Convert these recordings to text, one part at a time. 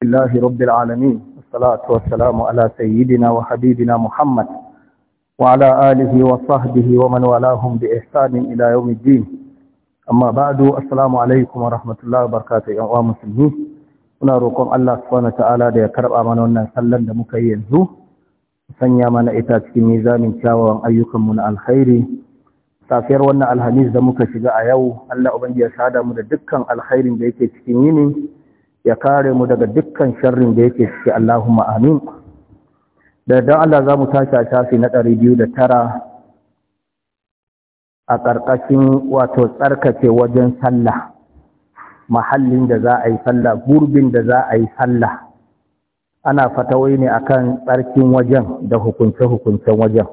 الله رب العالمين والصلاة والسلام على سيدنا وحبيبنا محمد وعلى آله وصحبه ومن والاهم بإحسان إلى يوم الدين أما بعد السلام عليكم ورحمة الله وبركاته يا مسلمين muna roƙon Allah subhanahu ta'ala da ya karɓa mana wannan sallar da muka yi yanzu sanya mana ita cikin mizanin kyawawan ayyukanmu na alkhairi safiyar wannan alhamis da muka shiga a yau Allah ubangiji ya sada mu da dukkan alkhairin da yake cikin yini ya kare mu daga dukkan sharrin da yake shi Allahumma amin da dan Allah zamu tashi a tafi na 209 a ƙarƙashin wato tsarkake wajen sallah mahallin da za a yi sallah gurbin da za a yi sallah ana fatawai ne akan tsarkin wajen da hukunce-hukuncen wajen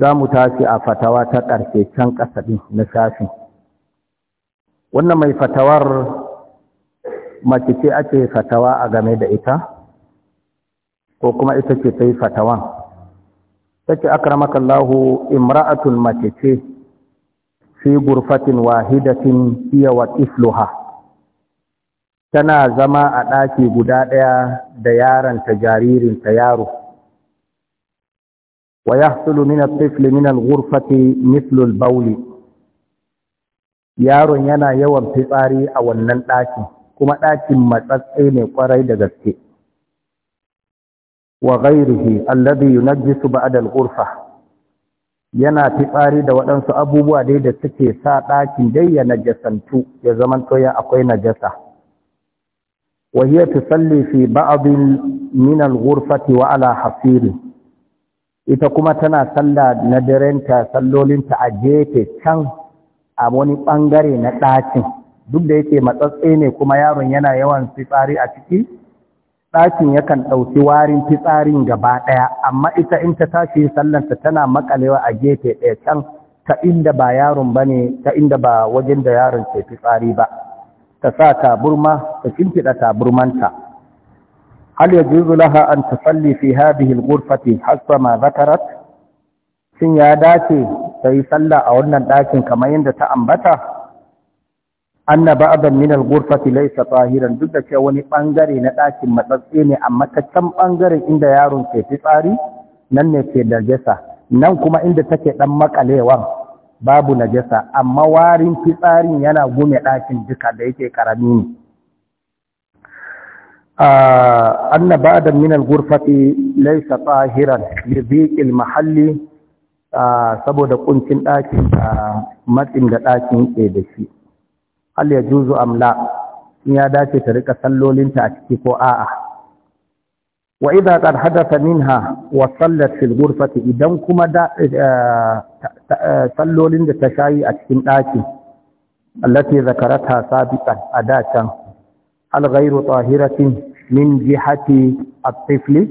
za mu tashi a fatawa ta ƙarshe can ƙasa na shafi, wannan mai fatawar mace ce ake fatawa a game da ita ko kuma ita ce ta yi fatawan ta ce akramakallahu imra'atun mace ce fi gurfatin wahidatin iya wa ifluha tana zama a ɗaki guda ɗaya da yaranta jaririnta yaro wa ya min at-tifli min al-ghurfati mithlu yaron yana yawan fitsari a wannan ɗakin kuma ɗakin matsatse ne kwarai da gaske wa ghairihi alladhi yunajjisu ba'da al-ghurfa yana fitsari da waɗansu abubuwa dai da suke sa ɗakin dai ya najasantu ya to ya akwai najasa wa hiya tusalli fi ba'd min al-ghurfati wa ala hasiri ita kuma tana salla na darenta sallolinta a gefe can a wani bangare na ɗakin duk da yake matsatse ne kuma yaron yana yawan fitsari a ciki ɗakin yakan ɗauki warin fitsarin gaba ɗaya amma ita in ta tashi sallanta tana makalewa a gefe ɗaya can ta inda ba yaron ba ne ta inda ba wajen da yaron ke fitsari ba ta sa taburma ta shimfiɗa taburmanta hal ya juzu laha an tusalli fi hadhihi al hasba ma zakarat shin ya dace ta yi sallah a wannan ɗakin kamar yadda ta ambata anna ba'dan min al-ghurfati laysa tahiran duk da cewa wani bangare na ɗakin matsatse ne amma ta can bangaren inda yaron ke fitsari nan ne ke najasa nan kuma inda take dan makalewan babu najasa amma warin fitsarin yana gume ɗakin duka da yake karami ne ah, anna ba'dan min al-ghurfati laysa tahiran li dhiqil mahalli ah, saboda kuncin ɗakin ah, matsin da ɗakin ke da shi hal ya juzu amla in ya dace ta rika sallolinta a ciki ko a'a wa idza qad hadatha minha wa sallat fil ghurfati idan kuma da eh, eh, sallolin da ta shayi a cikin daki allati zakarata sabiqan adatan al ghayru tahiratin min jihati at-tifli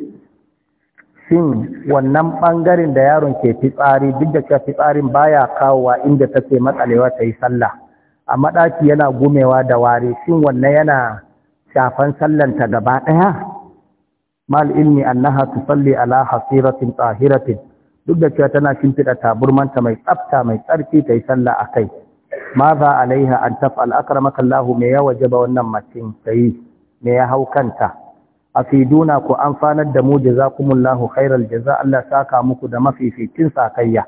shin wannan ɓangaren da yaron ke fitsari duk da cewa fitsarin baya kawowa inda take matsalewa ta yi sallah a maɗaki yana gumewa da ware shin wannan yana shafan sallanta gaba ɗaya mal ilmi annaha tusalli ala hasiratin tahiratin duk da cewa tana shimfiɗa taburmanta mai tsafta mai tsarki ta yi sallah a kai ma za alaiha an tafi akramaka Allahu me ya ba wannan macin yi? me ya hau kanta afiduna ku amfanar da mu jazakumullahu khairal jaza Allah saka muku da mafificin sakayya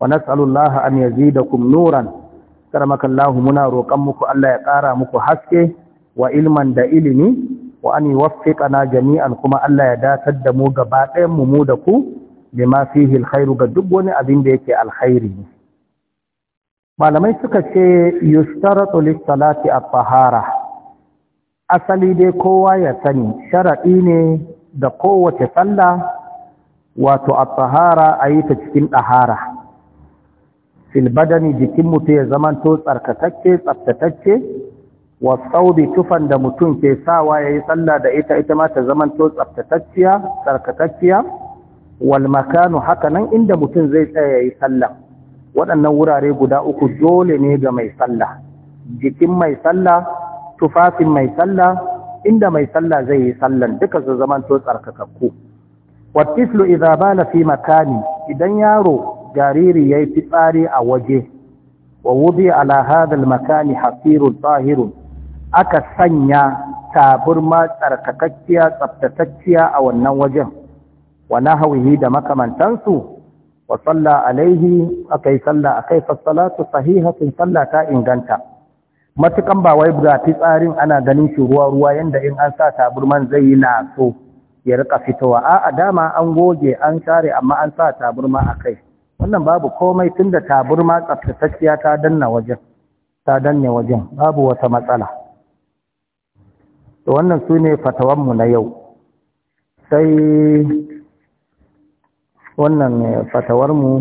wa nas'alullaha an yazidakum nuran karamakallahu muna roƙon muku Allah ya ƙara muku haske wa ilman da ilimi wa an na jami'an kuma Allah ya datar da mu gaba ɗayan mu mu da ku bima fihi alkhairu ga duk wani abin da yake alkhairi malamai suka ce yustaratu lis-salati at-tahara asali dai kowa ya sani sharadi ne da kowace sallah wato at-tahara ayi ta cikin ɗahara. filbadani jikin mutu ya zaman to tsarkatacce tsaftatacce wa tsaubi tufan da mutum ke sawa ya yi tsalla da ita ita ma ta zaman to tsaftatacciya tsarkatacciya wal makanu haka nan inda mutum zai tsaya ya yi tsalla waɗannan wurare guda uku dole ne ga mai tsalla jikin mai tsalla tufafin mai tsalla inda mai tsalla zai yi tsallan duka su zaman to tsarkakakku wattislu idza fi makani idan yaro jariri ya yi fitsari a waje wa wubi ala hadal makani hafirun tsahirun aka sanya taburma tsarkakakkiya tsaftatakkiya, a wannan wajen wa nahawihi da makamantansu wa tsalla alaihi akai fassala su fassalatu sahihatin tsalla ta inganta matukan ba wai ga fitsarin ana ganin shi ruwa ruwa yanda in an sa taburman zai yi naso ya rika fitowa a dama an goge an share amma an sa taburma a kai. wannan babu komai tun da taburma tsaftatacciya ta danna wajen ta danne wajen babu wata matsala to wannan su ne fatawanmu na yau sai wannan fatawarmu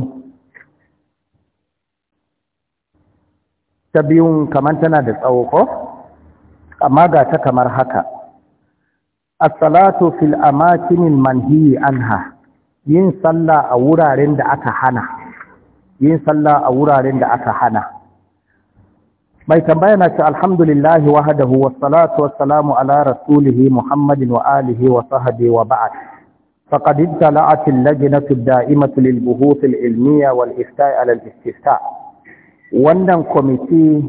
ta biyun kamar tana da tsawo ko amma ga ta kamar haka asalatu fil amakinin manhiyi anha yin salla a wuraren da aka hana yin salla a wuraren da aka hana mai tambaya na ce alhamdulillah wahdahu wassalatu wassalamu ala rasulih muhammadin wa alihi wa sahbihi wa ba'd faqad ittala'at al-lajnatu ad daimah lil-buhuth al ilmiyah wal-ifta' ala al-istifta' wannan komiti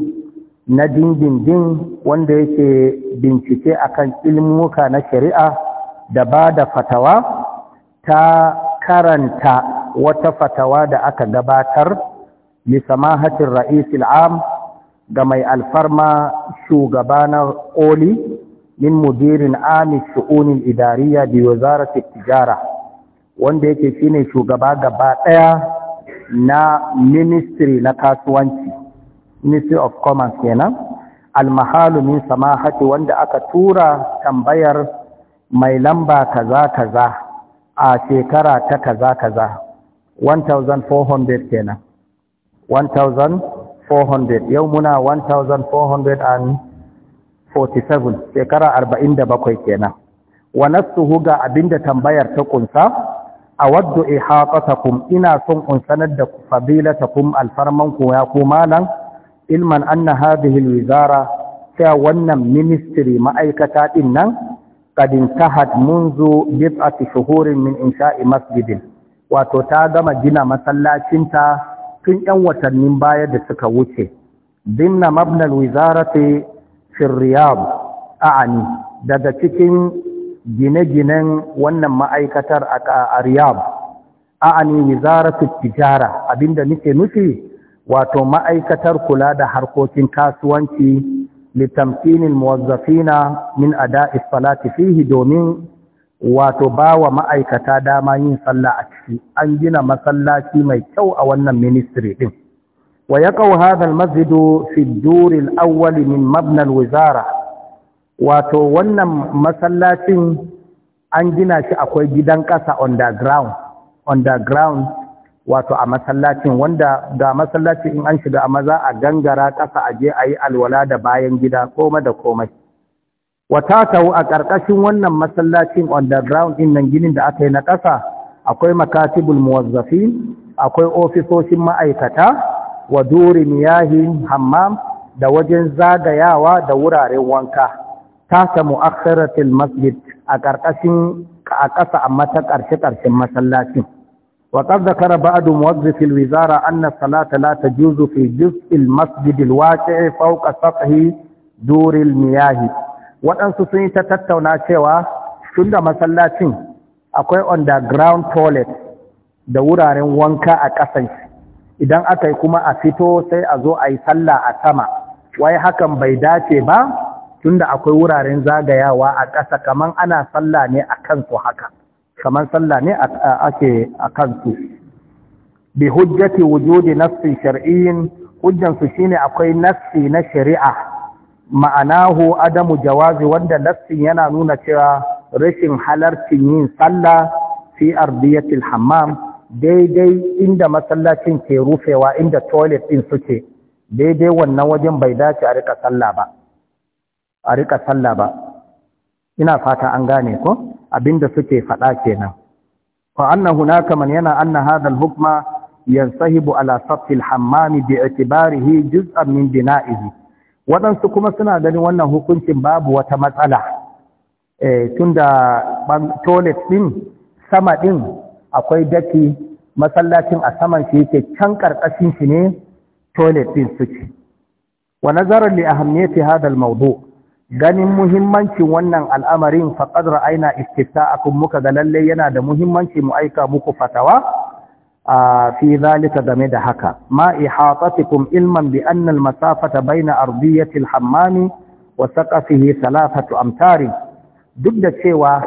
na dindindin wanda yake bincike akan ilmuka na shari'a da bada fatawa ta karanta wata fatawa da aka gabatar lisamahatin ra'isul am ga mai alfarma shugaba na ƙoli min mudirin ami shu'unin idariya bi wazarati tijara wanda yake shine shugaba gaba ɗaya na ministry na kasuwanci ministry of commerce kenan almahalu min samahati wanda aka tura tambayar mai lamba kaza kaza a shekara ta kaza kaza 1400 kenan 1400 yau muna 1447 shekara 47 kenan wa nasuhu ga abinda tambayar ta kunsa A awaddu ihaqatakum ina son in sanar da fadilatakum alfarman ku ya ku malan ilman anna hadhihi alwizara ta wannan ministry ma'aikata din nan قد انتهت منذ بضعة شهور من إنشاء مسجد wato ta gama gina masallacinta tun 'yan watannin baya da suka wuce binna mabnal wizarati fi riyab a'ani daga cikin gine-ginen wannan ma'aikatar a riyab a'ani wizarati tijara abinda nake nufi wato ma'aikatar kula da harkokin kasuwanci litamkinin muwazzafina min ada'i salati fihi domin wato bawa ma'aikata dama yin sallah a ciki an gina masallaci mai kyau a wannan ministry ɗin. wa yaqau hadha al-masjid fi ad min mabna wizara wato wannan masallacin an gina shi akwai gidan ƙasa underground underground wato a masallacin wanda ga masallaci in an shiga amma za a gangara ƙasa a je a yi alwala da bayan gida koma da komai wata tawo a ƙarƙashin wannan masallacin underground din nan ginin da aka yi na ƙasa akwai makatibul muwazzafin akwai ofisoshin ma'aikata wa duri miyahin hammam da wajen zagayawa da wuraren wanka tasa mu'akhiratil masjid a ƙarƙashin a ƙasa amma ta ƙarshe ƙarshen masallacin وقد ذكر بعض موظف الوزارة أن الصلاة لا تجوز في جزء المسجد الواقع فوق سطح دور المياه waɗansu sun yi ta tattauna cewa tun da masallacin akwai underground toilet da wuraren wanka a ƙasan idan aka yi kuma a fito sai a zo a yi sallah a sama wai hakan bai dace ba tun da akwai wuraren zagayawa a ƙasa kamar ana sallah ne a kansu haka kamar sallah ne ake a kansu bi hujjati wujudi nassi shar'iyyin hujjansu shine akwai nassi na shari'a ma'anahu adamu jawazi wanda nassin yana nuna cewa rashin halarcin yin sallah fi ardiyatil hammam daidai inda masallacin ke rufewa inda toilet din suke daidai wannan wajen bai dace a rika ba a rika sallah ba ina fata an gane ko abinda suke faɗa kenan fa anna hunaka man yana anna hadha al-hukma yansahibu ala sathi al-hammam bi'tibarihi juz'an min bina'ihi wadansu kuma suna ganin wannan hukuncin babu wata matsala eh tunda toilet din sama din akwai daki masallacin a saman shi yake can karkashin shi ne toilet din suke wa nazaran li ahammiyati hadha al-mawdu' ganin muhimmancin wannan al'amarin faƙad a istifta'akum muka ga lalle yana da muhimmanci mu aika muku fatawa a fi zalika game da haka ma ihatatikum ilman bi annal al-masafata bayna ardiyati hammami wa saqafihi salafatu amtari duk da cewa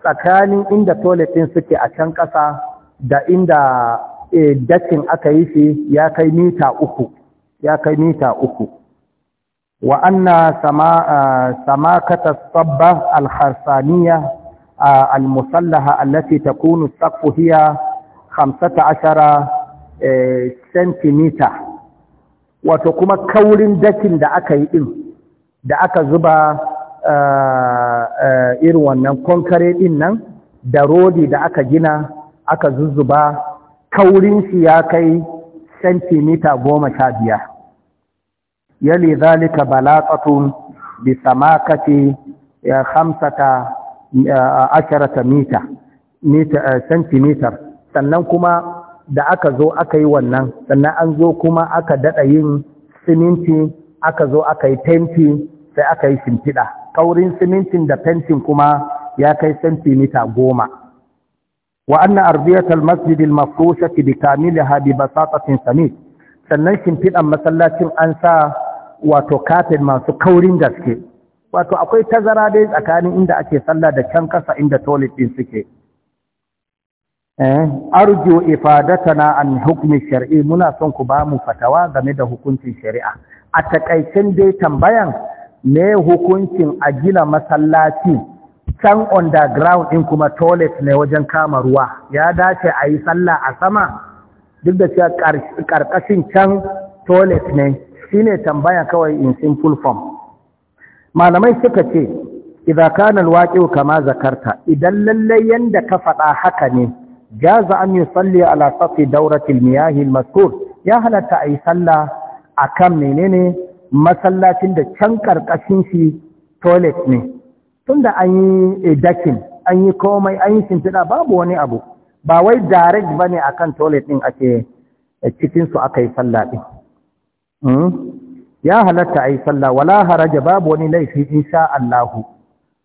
tsakanin inda toilet suke a can ƙasa da inda eh, dakin aka yi shi ya kai mita uku ya kai mita uku wa anna samakata sabba al almusallaha al-musallaha allati takunu saqfu hiya 15 e, centimeter wato kuma kaurin dakin da aka yi din da aka zuba irin wannan konkare din nan da rodi da aka gina aka zuzzuba kaurin shi ya kai sentimita goma sha biyar yali zalika balaqatun bi samakati khamsata asharata mita centimeter sannan kuma da aka zo aka yi wannan sannan an zo kuma aka daɗa yin siminti aka zo aka yi fenti sai aka yi shimfiɗa kaurin simintin da fentin kuma ya kai santimita goma wa anna ardiyatal masjidil mafrushati bi kamiliha bi basatatin sannan shimfiɗan masallacin an sa wato kafin masu kaurin gaske wato akwai tazara dai tsakanin inda ake sallah da can kasa inda toilet din suke eh arju ifadatana an hukumin shari'i muna son ku ba mu fatawa game da hukuncin shari'a a takaicin dai tambayan ne hukuncin a gina masallaci can underground din kuma toilet ne wajen kama ruwa ya dace a yi sallah a sama duk da cewa ƙarƙashin can toilet ne Shi ne tambaya kawai in simple form malamai suka ce idan kanal alwaqi'u kama zakarta idan lallai yanda ka faɗa haka ne jaza an yusalli ala safi dawratil miyah almaskur ya halatta ayi sallah akan menene masallacin da can karkashin shi toilet ne tunda an yi dakin an yi komai an yi shimfiɗa babu wani abu ba wai direct bane akan toilet ɗin ake cikin su aka yi sallah din Hmm? ya halatta ayi sallah wala haraja babu wani laifi insha Allah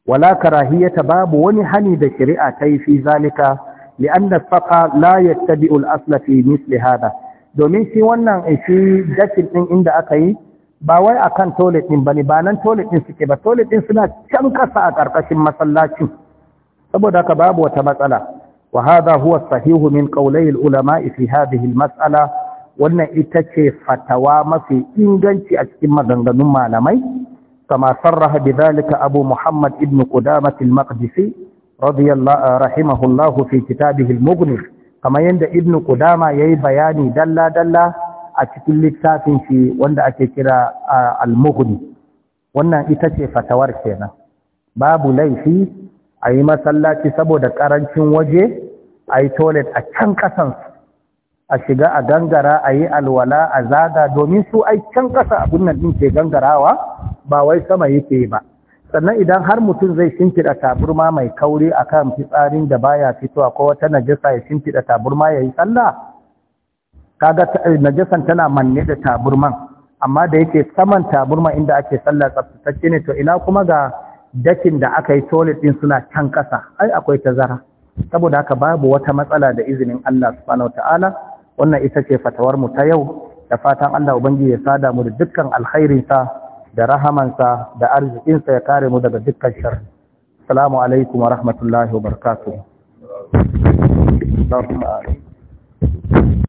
wala karahiyata babu wani hani da shari'a ta fi zalika li'anna as-saqa la yattabi'u al-asla fi misli hada domin shi wannan eh, shi dakin din inda aka yi ba wai akan toilet din bane ba nan toilet din suke ba toilet din suna can kasa a karkashin masallacin saboda haka babu wata matsala wa hadha huwa sahihu min qawlai al-ulama fi hadhihi al-mas'ala wannan ita ce fatawa mafi inganci a cikin maganganun malamai kama sarraha bidhalika abu muhammad ibn qudamah al-maqdisi radiyallahu rahimahullahu fi kitabihi al-mughni kama yanda ibn qudama yayi bayani dalla dalla a cikin littafin shi wanda ake kira al-mughni wannan ita ce fatawar kenan babu laifi a yi masallaci saboda karancin waje a yi toilet a can kasansu a shiga a gangara a yi alwala a zaga domin su ai can ƙasa abin nan ɗin ke gangarawa ba wai sama yake ba sannan idan har mutum zai shimfiɗa taburma mai kauri a kan fitsarin da baya fitowa ko wata najasa ya shimfiɗa taburma ya yi sallah kaga najasan tana manne da taburman amma da yake saman taburma inda ake sallah tsaftatacce ne to ina kuma ga dakin da aka yi toilet din suna can kasa ai akwai tazara saboda haka babu wata matsala da izinin Allah subhanahu ta'ala wannan ita ce fatawar mu ta yau da fatan Allah ubangiji ya sada mu da dukkan alkhairinsa da rahamansa da arzikinsa ya kare mu daga dukkan shar assalamu alaikum wa rahmatullahi wa